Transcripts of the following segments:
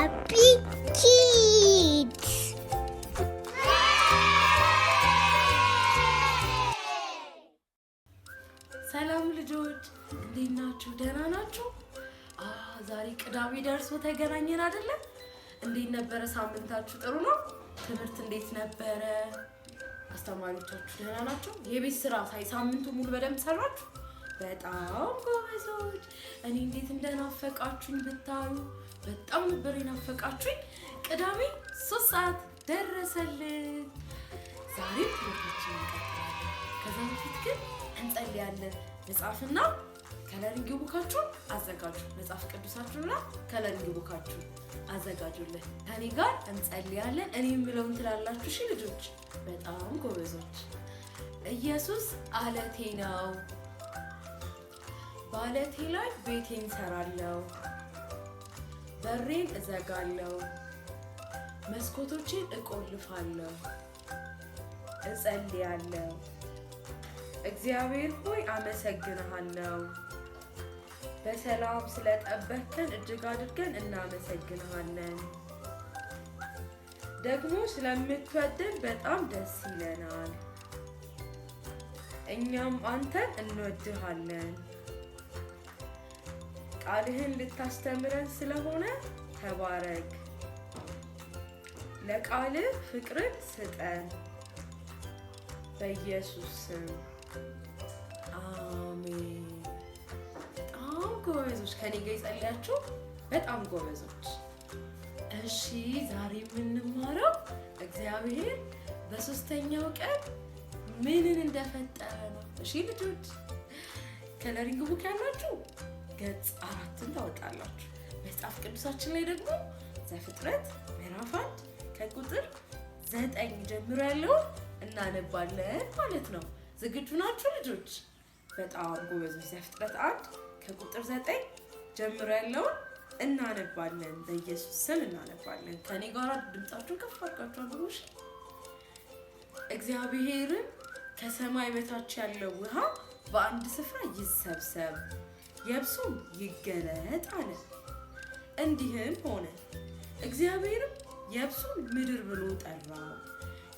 аппетит! ሰላም ልጆች እንዴት ናችሁ? ደህና ናችሁ? ዛሬ ቅዳሜ ደርሶ ተገናኘን አይደለም? እንዴት ነበረ ሳምንታችሁ? ጥሩ ነው? ትምህርት እንዴት ነበረ? አስተማሪዎቻችሁ ደህና ናቸው? የቤት ስራ ሳይ ሳምንቱ ሙሉ በደንብ ሰራችሁ? በጣም ጎበዞች። እኔ እንዴት እንደናፈቃችሁኝ ብታዩ። በጣም ነበር የናፈቃችሁኝ። ቅዳሜ ሶስት ሰዓት ደረሰልን። ዛሬ ፕሮግራማችን እንቀጥላለን። ከዛ በፊት ግን እንጸልያለን። መጽሐፍና ከለሪንግ ቡካችሁን አዘጋጁ። መጽሐፍ ቅዱሳችሁና ከለሪንግ ቡካችሁን አዘጋጁልን። ከኔ ጋር እንጸልያለን። እኔ የምለውን ትላላችሁ። ሺ ልጆች፣ በጣም ጎበዞች። ኢየሱስ አለቴ ነው። ባለቴ ላይ ቤቴን ሰራለው፣ በሬን እዘጋለው፣ መስኮቶችን እቆልፋለሁ፣ እጸልያለው። እግዚአብሔር ሆይ አመሰግንሃለው። በሰላም ስለጠበቅከን እጅግ አድርገን እናመሰግንሃለን። ደግሞ ስለምትወደን በጣም ደስ ይለናል። እኛም አንተን እንወድሃለን። ቃልህን ልታስተምረን ስለሆነ ተባረክ። ለቃልህ ፍቅርን ስጠን፣ በኢየሱስ ስም አሜን። በጣም ጎበዞች፣ ከኔ ጋር ይጸልያችሁ። በጣም ጎበዞች። እሺ ዛሬ የምንማረው እግዚአብሔር በሶስተኛው ቀን ምንን እንደፈጠረ ነው። እሺ ልጆች ከለሪንግ ቡክ ያላችሁ ገጽ አራትን ታወጣላችሁ። መጽሐፍ ቅዱሳችን ላይ ደግሞ ዘፍጥረት ምዕራፍ አንድ ከቁጥር ዘጠኝ ጀምሮ ያለውን እናነባለን ማለት ነው። ዝግጁ ናችሁ ልጆች? በጣም ጎበዞች። ዘፍጥረት አንድ ከቁጥር ዘጠኝ ጀምሮ ያለውን እናነባለን። በኢየሱስ ስም እናነባለን። ከኔ ጋር ድምጻችሁን ከፍ አድርጋችሁ እግዚአብሔርን ከሰማይ በታች ያለው ውሃ በአንድ ስፍራ ይሰብሰብ የብሱም ይገለጥ አለ። እንዲህም ሆነ። እግዚአብሔርም የብሱን ምድር ብሎ ጠራው፣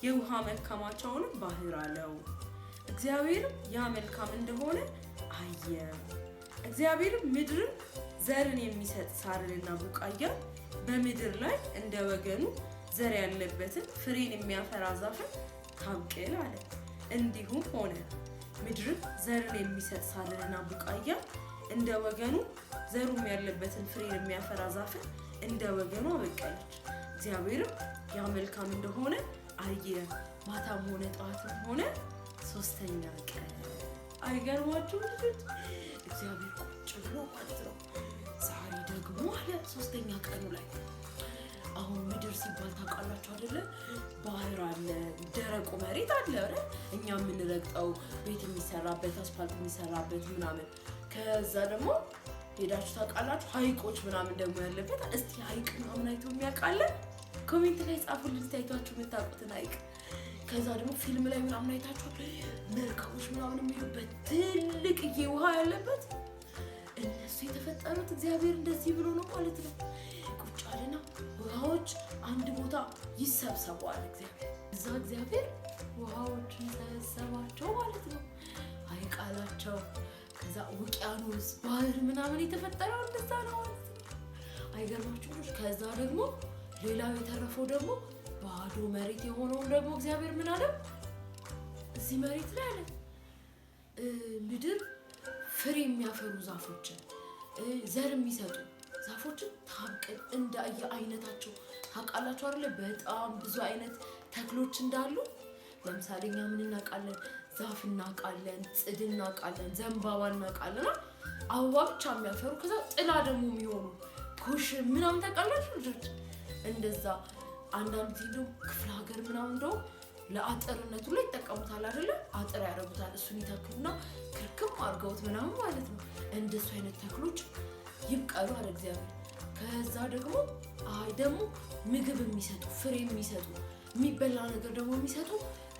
የውሃ መልካማቸውንም ባህር አለው። እግዚአብሔርም ያ መልካም እንደሆነ አየ። እግዚአብሔርም ምድርን ዘርን የሚሰጥ ሳርንና ቡቃያ በምድር ላይ እንደ ወገኑ ዘር ያለበትን ፍሬን የሚያፈራ ዛፍን ታብቅል አለ። እንዲሁም ሆነ። ምድርን ዘርን የሚሰጥ ሳርንና ቡቃያ እንደ ወገኑ ዘሩም ያለበትን ፍሬ የሚያፈራ ዛፍን እንደ ወገኑ አበቀለች። እግዚአብሔርም ያ መልካም እንደሆነ አየ። ማታም ሆነ ጠዋትም ሆነ ሶስተኛ ቀን። አይገርማችሁ ልጆች? እግዚአብሔር ቁጭ ብሎ ማለት ነው። ዛሬ ደግሞ አለ ሶስተኛ ቀኑ ላይ አሁን ምድር ሲባል ታውቃላችሁ አይደለ? ባህር አለ፣ ደረቁ መሬት አለ፣ እኛ የምንረግጠው ቤት የሚሰራበት አስፋልት የሚሰራበት ምናምን ከዛ ደግሞ ሄዳችሁ ታውቃላችሁ? ሀይቆች ምናምን ደግሞ ያለበት እስቲ ሀይቅ ምናምን አይቶ የሚያውቃለን ኮሜንት ላይ ጻፉልን፣ ታይቷችሁ የምታውቁትን ሀይቅ። ከዛ ደግሞ ፊልም ላይ ምናምን አይታችሁ መርከቦች ምናምን የሚሉበት ትልቅዬ ውሃ ያለበት እነሱ የተፈጠሩት እግዚአብሔር እንደዚህ ብሎ ነው ማለት ነው። ቁጭ አለና ውሃዎች አንድ ቦታ ይሰብሰበዋል እግዚአብሔር። እዛ እግዚአብሔር ውሃዎችን ሰበሰባቸው ማለት ነው። ሀይቅ አላቸው። ከዛ ውቅያኖስ ባህር ምናምን የተፈጠረው እንደዛ ነው። አይገርማችሁ? ከዛ ደግሞ ሌላው የተረፈው ደግሞ ባዶ መሬት የሆነውን ደግሞ እግዚአብሔር ምን አለ? እዚህ መሬት ላይ አለ ምድር ፍሬ የሚያፈሩ ዛፎችን ዘር የሚሰጡ ዛፎችን ታብቀን እንደ የአይነታቸው ታውቃላችሁ አይደለ? በጣም ብዙ አይነት ተክሎች እንዳሉ ለምሳሌ እኛ ምን እናውቃለን? ዛፍ እናውቃለን፣ ጽድ እናውቃለን፣ ዘንባባ እናውቃለን። አበባ ብቻ የሚያፈሩ ከዛ ጥላ ደግሞ የሚሆኑ ኩሽ ምናምን ታውቃላችሁ ልጆች። እንደዛ አንዳንድ ሄዱ ክፍለ ሀገር ምናምን እንደው ለአጥርነቱ ላይ ይጠቀሙታል አይደለ? አጥር ያደረጉታል። እሱን ይተክሉና ክርክም አድርገውት ምናምን ማለት ነው። እንደሱ አይነት ተክሎች ይብቀሉ አለ እግዚአብሔር። ከዛ ደግሞ አይ ደግሞ ምግብ የሚሰጡ ፍሬ የሚሰጡ የሚበላ ነገር ደግሞ የሚሰጡ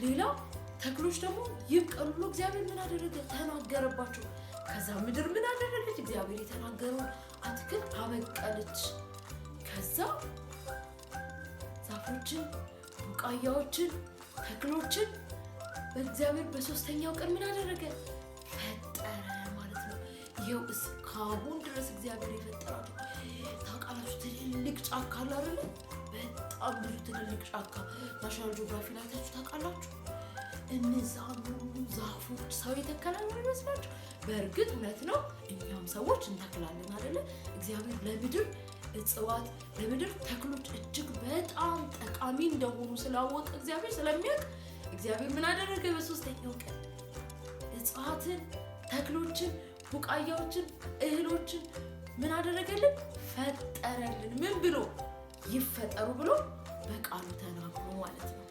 ሌላው ተክሎች ደግሞ ይብቀሉ። እግዚአብሔር ምን አደረገ? ተናገረባቸው። ከዛ ምድር ምን አደረገች? እግዚአብሔር የተናገረውን አትክልት አበቀለች። ከዛ ዛፎችን፣ ቡቃያዎችን፣ ተክሎችን በእግዚአብሔር በሶስተኛው ቀን ምን አደረገ? ፈጠረ ማለት ነው። ይኸው እስካሁን ድረስ እግዚአብሔር የፈጠራቸው ታውቃላችሁ። ትልልቅ ጫካ አለ በጣም ብዙ ትልልቅ ጫካ ናሽናል ጂኦግራፊ ላይ ታችሁ ታውቃላችሁ። እነዚያ ዛፎች ሰው የተከላሉ ይመስላችሁ? በእርግጥ እውነት ነው። እኛም ሰዎች እንተክላለን አይደለ? እግዚአብሔር ለምድር እጽዋት፣ ለምድር ተክሎች እጅግ በጣም ጠቃሚ እንደሆኑ ስላወቀ እግዚአብሔር ስለሚያውቅ እግዚአብሔር ምን አደረገ? በሶስተኛው ቀን እጽዋትን፣ ተክሎችን፣ ቡቃያዎችን፣ እህሎችን ምን አደረገልን? ፈጠረልን። ምን ብሎ ይፈጠሩ ብሎ በቃሉ ተናግሮ ማለት ነው።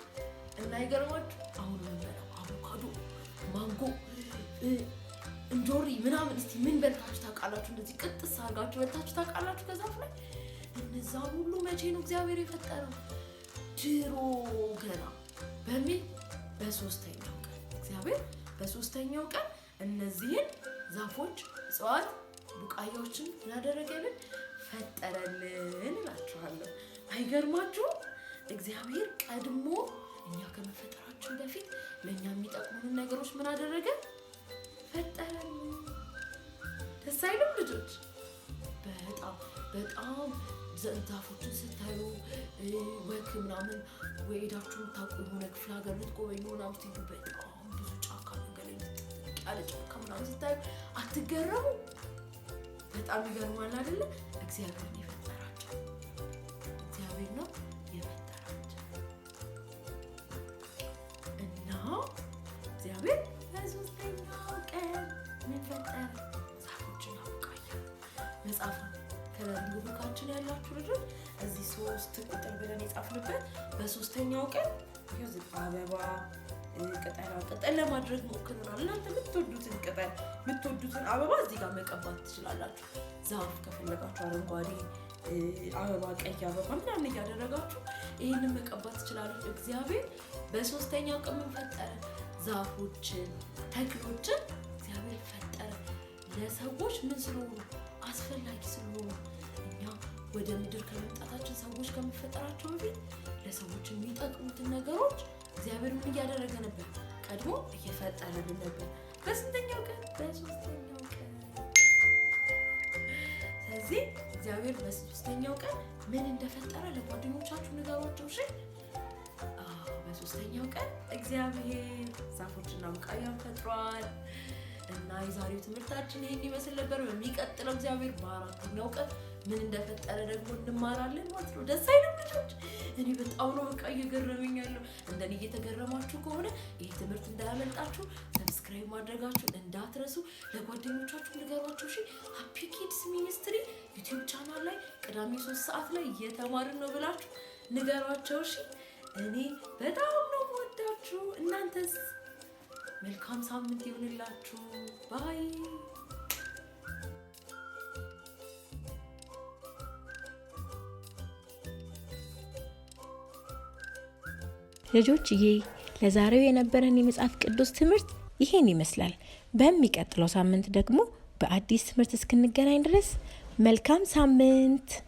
እና የገርማችሁ አሁን ምንበላው አቮካዶ፣ ማንጎ፣ እንጆሪ ምናምን እስቲ ምን በልታችሁ ታውቃላችሁ? እንደዚህ ቅጥስ አድርጋችሁ በልታችሁ ታውቃላችሁ? ከዛፍ ላይ እነዛ ሁሉ መቼ ነው እግዚአብሔር የፈጠረው? ድሮ ገና በሚል በሶስተኛው ቀን እግዚአብሔር በሶስተኛው ቀን እነዚህን ዛፎች፣ እጽዋት፣ ቡቃያዎችን ያደረገልን ፈጠረልን እላችኋለሁ። አይገርማችሁ? እግዚአብሔር ቀድሞ እኛ ከመፈጠራችን በፊት ለእኛ የሚጠቅሙንን ነገሮች ምን አደረገ? ፈጠረልን። ደስ አይልም ልጆች? በጣም በጣም ዛፎችን ስታዩ ወክ ምናምን ወይ ሄዳችሁ የምታውቁ የሆነ ክፍለ ሀገር ልትጎበኙ ምናምን ስትሄዱ በጣም ብዙ ጫካ መንገድ ያለ ጫካ ምናምን ስታዩ አትገረሙ? በጣም ይገርማል አይደለ? እግዚአብሔር ነው የፈጠራቸው። እግዚአብሔር ነው የፈጠራቸው እና እግዚአብሔር በሶስተኛው ቀን ምን ፈጠረ? ዛፎችን አወቃየ። መጽሐፍ ከለርንጉ ቡካችን ያላችሁ ልጆች እዚህ ሶስት ቁጥር ብለን የጻፍንበት በሶስተኛው ቀን ዩዝ አበባ ቅጠላ ቅጠል ለማድረግ ሞክረናል። እናንተ የምትወዱትን ቅጠል የምትወዱትን አበባ እዚህ ጋር መቀባት ትችላላችሁ። ዛፍ ከፈለጋችሁ አረንጓዴ አበባ፣ ቀይ አበባ ምናምን እያደረጋችሁ ይህንን መቀባት ትችላላችሁ። እግዚአብሔር በሶስተኛው ቀን ምን ፈጠረ? ዛፎችን፣ ተክሎችን እግዚአብሔር ፈጠረ። ለሰዎች ምን ስለሆኑ አስፈላጊ ስለሆኑ እኛ ወደ ምድር ከመምጣታችን ሰዎች ከመፈጠራቸው በፊት ለሰዎች የሚጠቅሙትን ነገሮች ምን እያደረገ ነበር፣ ቀድሞ እየፈጠረልን ነበር። በስንተኛው ቀን? በሶስተኛው ቀን። ስለዚህ እግዚአብሔር በሶስተኛው ቀን ምን እንደፈጠረ ለጓደኞቻችሁ ንገሯቸው። እሺ። በሶስተኛው ቀን እግዚአብሔር ዛፎችና ቡቃያን ፈጥሯል። እና የዛሬው ትምህርታችን ይሄን ይመስል ነበር። በሚቀጥለው እግዚአብሔር በአራተኛው ቀን ምን እንደፈጠረ ደግሞ እንማራለን ማለት ነው። ደስ አይልም ልጆች? እኔ በጣም ነው በቃ እየገረመኝ ያለው። እንደኔ እየተገረማችሁ ከሆነ ይህ ትምህርት እንዳያመልጣችሁ ሰብስክራይብ ማድረጋችሁ እንዳትረሱ፣ ለጓደኞቻችሁ ንገሯቸው። እሺ ሃፒ ኪድስ ሚኒስትሪ ዩቲዩብ ቻናል ላይ ቅዳሜ ሶስት ሰዓት ላይ እየተማርን ነው ብላችሁ ንገሯቸው። እሺ እኔ በጣም ነው ወዳችሁ እናንተስ መልካም ሳምንት ይሁንላችሁ። ባይ ልጆችዬ ለዛሬው የነበረን የመጽሐፍ ቅዱስ ትምህርት ይሄን ይመስላል። በሚቀጥለው ሳምንት ደግሞ በአዲስ ትምህርት እስክንገናኝ ድረስ መልካም ሳምንት